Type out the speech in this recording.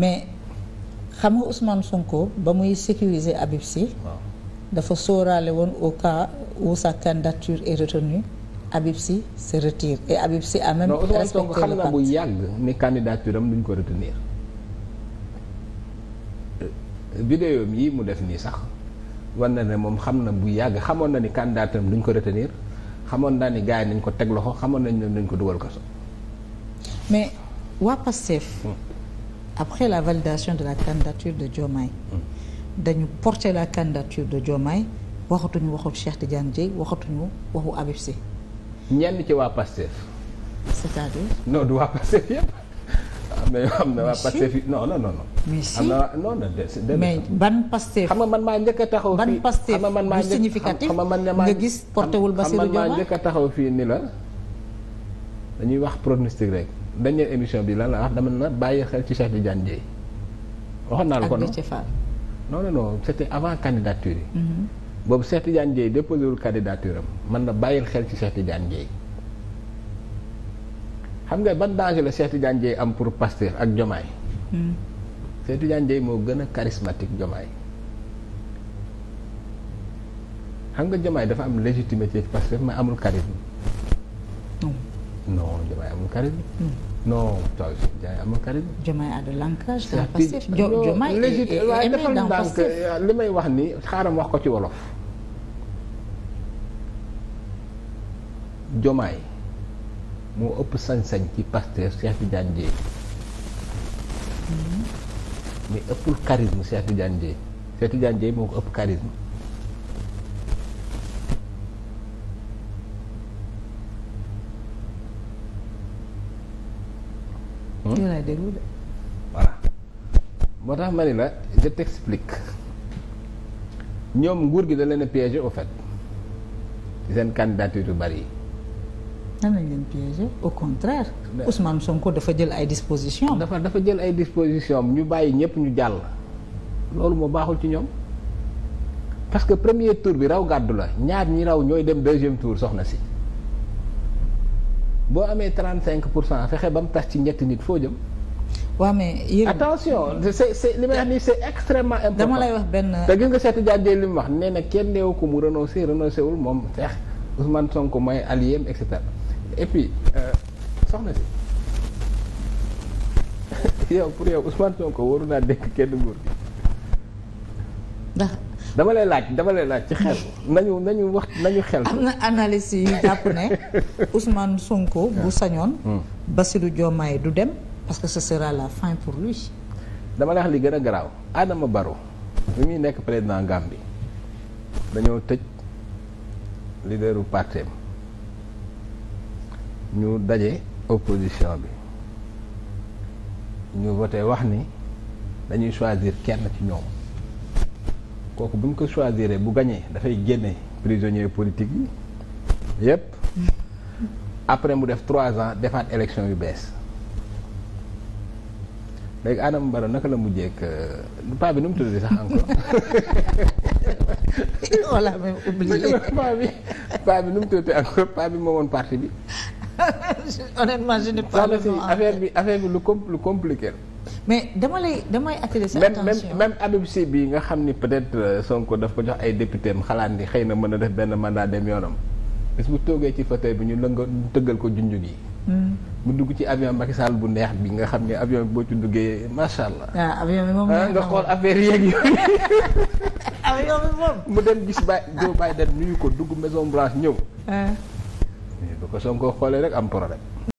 mais xam nga Ousmane Sonko ba muy sécuriser Habib Sy dafa sóoraale woon au cas où sa candidature est retenue Habib Sy se retire et Habib Sy a même xam na bu yàgg ni am duñ ko retenir vidéo yi mu def nii sax war na ne moom xam na bu yàgg xamoon na ni candidature am ko retenir xamoon naa ni gars yi nañ ko teg loxo xamoon nañ ne nañ ko dugal kaso mais waa Pastef hmm. après la validation de la candidature de Diomaye dañu porter la candidature de Diomaye waxatuñu waxu Cheikh Tidiane Dièye waxatuñu waxu Habib Sy ñenn ci waa Pastef c'est-à-dire du waa Pastef yëpp ah, mais na waa Pastef yi non non non mais si non non de mais ban Pastef xam nga man maa njëkk taxaw ban Pastef xam nga man maa significatif xam nga man nga gis porté wul Bassirou Diomaye xam taxaw fii ni la dañuy wax pronostic rek dernière émission bi lan la wax dama na bàyyi xel ci Cheikh Tidiane Dièye waxoon naa la ko noonu non non non c'était avant candidature yi mhm. boobu Cheikh Tidiane Dièye déposé wul candidature man na bàyyil xel ci Cheikh Tidiane Dièye xam nga ban danger la Cheikh Tidiane Dièye am pour Pastef ak Diomaye mhm. Cheikh Tidiane Dièye moo gën a charismatique Diomaye xam nga Diomaye dafa am légitimité ci Pastef mais amul charisme Diomaye amul charisme. non charisme. Diomaye a de l'ancrage dans le passif. Diomaye est eh, li may wax ni xaaram wax ko ci wolof. Diomaye moo ëpp sañ-sañ ci Pastef Cheikh Tidiane Dièye hmm. mais ëppul charisme Cheikh moo ëpp charisme. yow laay déglu de. voilà moo tax ma ni la je ñoom nguur gi da leen a piégé au fait ci seen candidature yu bari yi. nan lañ leen piégé au contraire. Ousmane Sonko dafa jël ay dispositions. dafa dafa jël ay dispositions ñu bàyyi ñëpp ñu jàll. loolu moo baaxul ci ñoom parce que premier tour bi raw gàddu la ñaar ñi raw ñooy dem deuxième tour soxna si. boo amee 35 pour cent fexe ba mu tas ci ñetti nit foo jëm. waa mais yéen attention c'est c'est li may wax nii c'est extrêmement dama lay wax benn. te gis nga seetu jaajëf li mu wax nee na kenn neewu ko mu renoncé renoncé wul moom fex Ousmane Sonko mooy allié et cetera et puis euh, soxna si yow pour yow Ousmane Sonko waru naa dénk kenn nguur gi. ndax. dama lay laaj dama lay laaj ci xel nañu nañu wax nañu xel. am na analyse yu jàpp ne Ousmane Sonko bu ah. sañoon. Hmm. Bassirou Diomaye du dem parce que ce sera la fin pour lui. dama lay wax li gën a garaaw Adama baro bi muy nekk président Gambie dañoo tëj leaderu partem ñu daje opposition bi ñu voté wax ni dañuy choisir kenn ci ñoom. kooku bu mu ko choisir bu gañee dafay génne prisonnier politique yi yépp après mu def trois ans defaat élection yu bees léegi Adama Barrow naka la mujjee euh, paa bi nu mu tudd sax encore. voilà même oublié paa bi paa bi nu mu tudd encore moomoon parti bi. honnêtement je n'ai pas le bi affaire bi lu com lu compliqué mais dama lay damay attirer sa attention même même Habib Sy bi nga xam ni peut-être euh, Sonko daf ko jox ay député xalaat ni xëy na mën a def benn man mandat dem yoonam bis bu toogee ci fauteuil bi ñu lënga tëggal ko junj gi. Hmm. mu dugg ci avion Macky Sall bu neex bi nga xam ne avion bi boo ci duggee macha allah. Ah, avion bi moom ah, nga xool affaire yeeg yooyu. avion mu dem gis Ba Joe Biden nuyu ko dugg Maison Blanche ñëw. Ah. bu ko Sonko xoolee rek am problème.